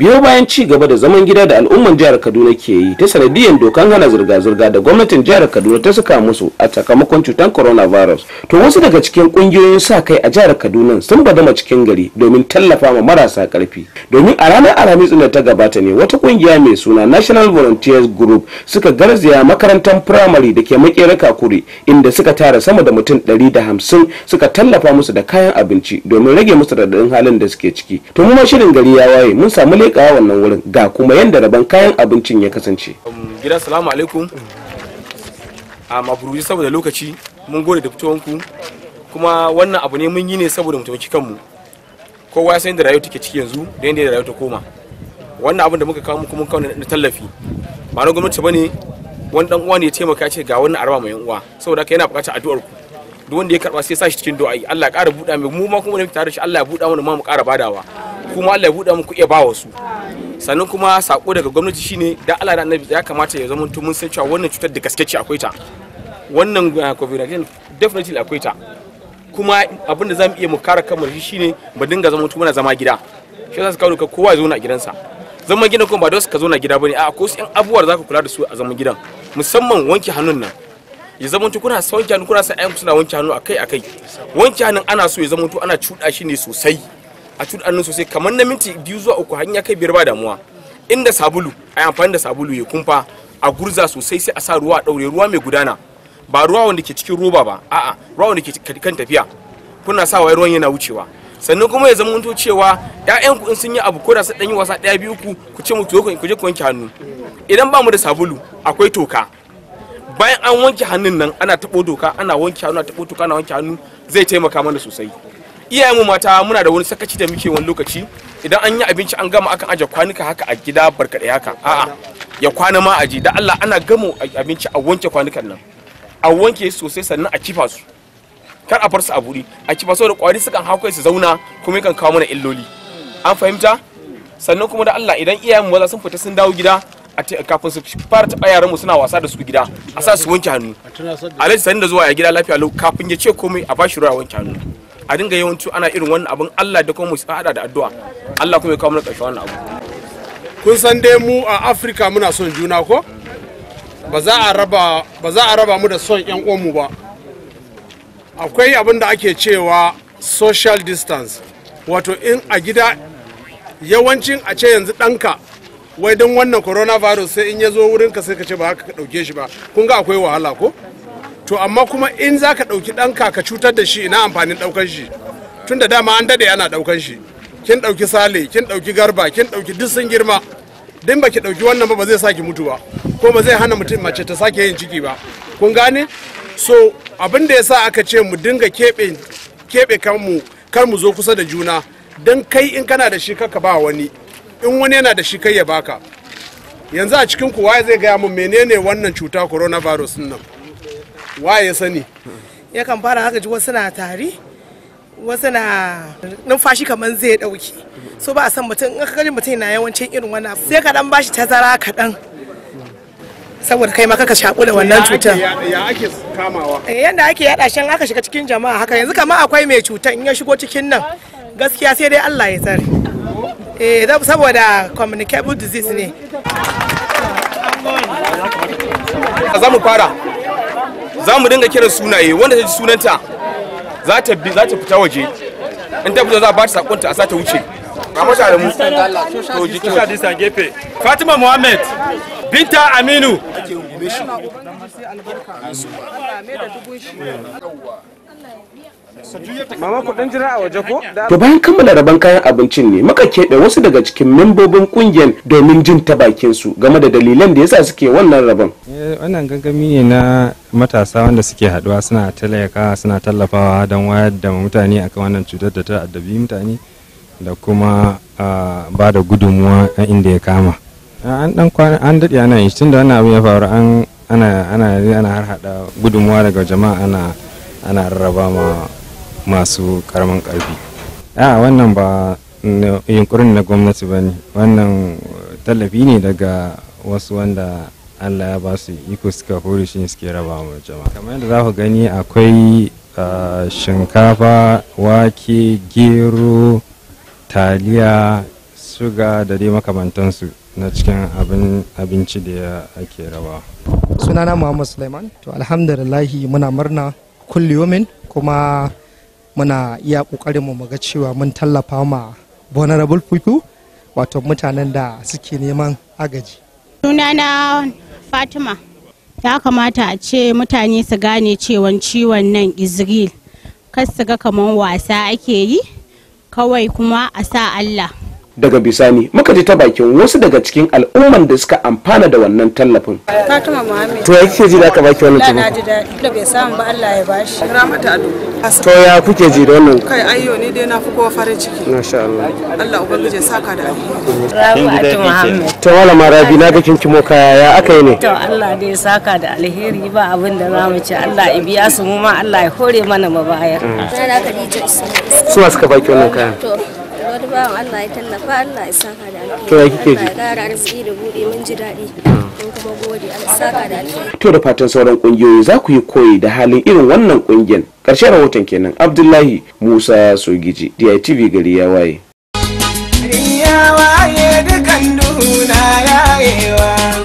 biyo bayan ci gaba da zaman gida da al'umman jihar kaduna ke yi ta sanadiyyar dokan hana zirga-zirga da gwamnatin jihar kaduna ta saka musu a sakamakon cutar coronavirus to wasu daga cikin kungiyoyin sa kai a jihar kaduna sun badama cikin gari domin tallafa ma marasa karfi domin a ranar alhamis da ta gabata ne wata kungiya mai suna national volunteers group suka garzaya makarantar firamare da ke makera kakuri inda suka tara sama da mutum ɗari da hamsin suka tallafa musu da kayan abinci domin rage musu radadin halin da suke ciki to mu ma shirin gari ya waye mun samu leƙa wannan wurin ga kuma yadda rabon kayan abincin ya kasance um, gida salamu alaikum a maburuji saboda lokaci mun gode da fitowanku kuma wannan abu ne mun yi ne saboda mu taimaki kanmu kowa ya san da rayuwa take ciki yanzu da yadda rayuwa ta koma wannan abin da muka kawo muku mun kawo na tallafi ba na gwamnati bane wani dan uwa ne ya taimaka ce ga wannan araba mai uwa saboda haka yana bukatar addu'ar ku duk wanda ya karba sai ya sa shi cikin do'a Allah ya ƙara buɗa mai mu ma kuma ne tare da shi Allah ya buɗa mana ma mu ƙara badawa kuma Allah ya buɗe muku iya bawa su sannan kuma sako daga gwamnati shine da Allah da Annabi ya kamata ya zama mun san cewa wannan cutar da gaske ce akwai ta wannan uh, covid-19 definitely akwai ta kuma abin da zamu iya mu kare kanmu shi shine mu dinga zama muna zama gida shi zasu su ka kowa ya zo na gidansa zama gidan kuma ba don ka zo na gida bane a ko su yan abuwar zaka kula da su a zaman gidan musamman wanke hannun nan ya zama to kuna sa wanke hannu kuna sa ayyuka suna wanke hannu akai akai wanke hannun ana so ya zama to ana cuɗa shi ne sosai a cuɗannin sosai kamar na minti biyu zuwa uku har ya kai biyar ba damuwa inda sabulu a amfani da sabulu ya kumfa a gurza sosai sai a sa ruwa a ɗaure ruwa mai gudana ba ruwa wanda ke cikin roba ba a'a ruwa wanda ke kan tafiya kuna sa wai ruwan yana wucewa sannan kuma ya zama to cewa ƴaƴan ku in sun yi abu ko da su yi wasa ɗaya biyu ku ku ce mu to ku je ku wanke hannu idan ba mu da sabulu akwai toka bayan an wanke hannun nan ana taɓo doka ana wanke hannu ana taɓo toka ana wanke hannu zai taimaka mana sosai iyayenmu mata muna da wani sakaci da muke wani lokaci idan an yi abinci an gama akan aje kwanuka haka a gida barkaɗe haka a'a ya kwana ma aji da Allah ana gamo abinci a wanke kwanukan nan a wanke sosai sannan a kifa su kar a bar su a buri a kifa su da kwari sukan hako su zauna kuma yakan kawo mana illoli an fahimta sannan kuma da Allah idan iyayen maza sun fita sun dawo gida a kafin su fara taɓa yaran mu suna wasa da su gida a sa su wanke hannu a alhaji sanin da zuwa ya gida lafiya lau kafin ya ce komai a bashi ruwa wanke hannu a dinga yawanci ana irin wannan abin Allah da kuma mu hada da addu'a Allah kuma ya kawo mana ƙarshen wannan abu kun san dai mu a Afirka muna son juna ko ba za a raba ba za a raba mu da son yan mu ba akwai abin da ake cewa social distance wato in a gida yawancin a ce yanzu ɗanka wai don wannan coronavirus sai in ya zo wurinka sai ka ce ba haka ka ɗauke shi ba kun ga akwai wahala ko to amma kuma in za ka ɗauki ɗanka ka cutar da shi ina amfanin ɗaukan shi tun da dama an dade ana ɗaukan shi kin ɗauki sale kin ɗauki garba kin ɗauki duk sun girma din ba ki ɗauki wannan ba ba zai saki mutu ba ko ba zai hana mutum mace ta sake yin ciki ba kun gane so abin da ya sa aka ce mu dinga keɓe keɓe kanmu kar mu zo kusa da juna don kai in kana da shi kaka ba wani in wani yana da shi kai ya baka yanzu a cikin kuwa zai gaya mun menene wannan cuta coronavirus nan waye ya sani yakan fara haka ji wasu na tari wasu na numfashi kamar zai dauki so ba a san mutum in ka mutum na yawancin irin wannan sai ka dan bashi tazara kaɗan saboda kai ma kaka shaƙu da wannan cutar ya ake kamawa eh, yanda ake yada shan aka shiga cikin jama'a haka yanzu kama akwai mai cutar in ya shigo cikin nan gaskiya sai dai Allah ya tsare eh saboda communicable disease ne za mu fara za mu dinga kiran sunaye wanda ta ji sunanta za ta bi za ta fita waje in ta fita za ba ta sakonta a sa ta wuce a mata da mu to gefe Fatima Muhammad Binta Aminu Mama a waje ko? bayan kammala rabon kayan abincin ne muka keɓe wasu daga cikin membobin kungiyar domin jin ta bakin su game da dalilan da yasa suke wannan rabon. Eh, wannan gangami ne na matasa wanda suke haduwa suna talaka suna tallafawa don wayar da mutane akan wannan cutar da ta addabi mutane da kuma ba da gudunmuwa inda ya kama an dan an daɗe ana yi tun da wannan abu ya faru an ana ana ana har hada gudunmuwa daga jama'a ana ana rarraba ma masu karamin karfi a wannan ba yunkurin na gwamnati ba ne wannan tallafi ne daga wasu wanda allah ya ba su iko suka hori shi suke raba mu jama'a kamar yadda za ku gani akwai shinkafa wake gero taliya suga da dai makamantansu na cikin abinci da ya ake raba sunana muhammad suleiman to alhamdulillahi muna murna kulliyomin kuma muna iya kokarin mu ga cewa mun tallafa ma vulnerable people wato mutanen da suke neman agaji sunana Fatima, ya kamata a ce mutane su gane cewan ciwon nan Israel, kar su ga kamar wasa ake yi, kawai kuma a sa Allah. daga bisani muka ji ta bakin wasu daga cikin al'umman da suka amfana da wannan tallafin fatima muhammed to kike ji da ka baki wannan tallafin na ji daɗi da bai samu ba Allah ya bashi ramata ado to ya kuke ji da wannan kai ayyo ni dai na fi kowa farin ciki masha Allah Allah ubangiji ya saka da alheri ramata muhammed to wala marabi na ga kinki moka ya aka yi ne to Allah dai ya saka da alheri ba abin da za mu ci Allah ya biya su mu ma Allah ya hore mana mabaya na Khadija Ismail suwa suka baki wannan kayan to wani bawan Allah ya tallafa Allah ya saka da alheri to ya kike ji Allah ya arziki da buɗe mun ji daɗi mun kuma gode Allah saka da alheri to da fatan sauran ƙungiyoyi za ku yi koyi da halin irin wannan kungiyar karshen rahoton kenan Abdullahi Musa Sogiji DITV gari ya waye ya dukan duna yayewa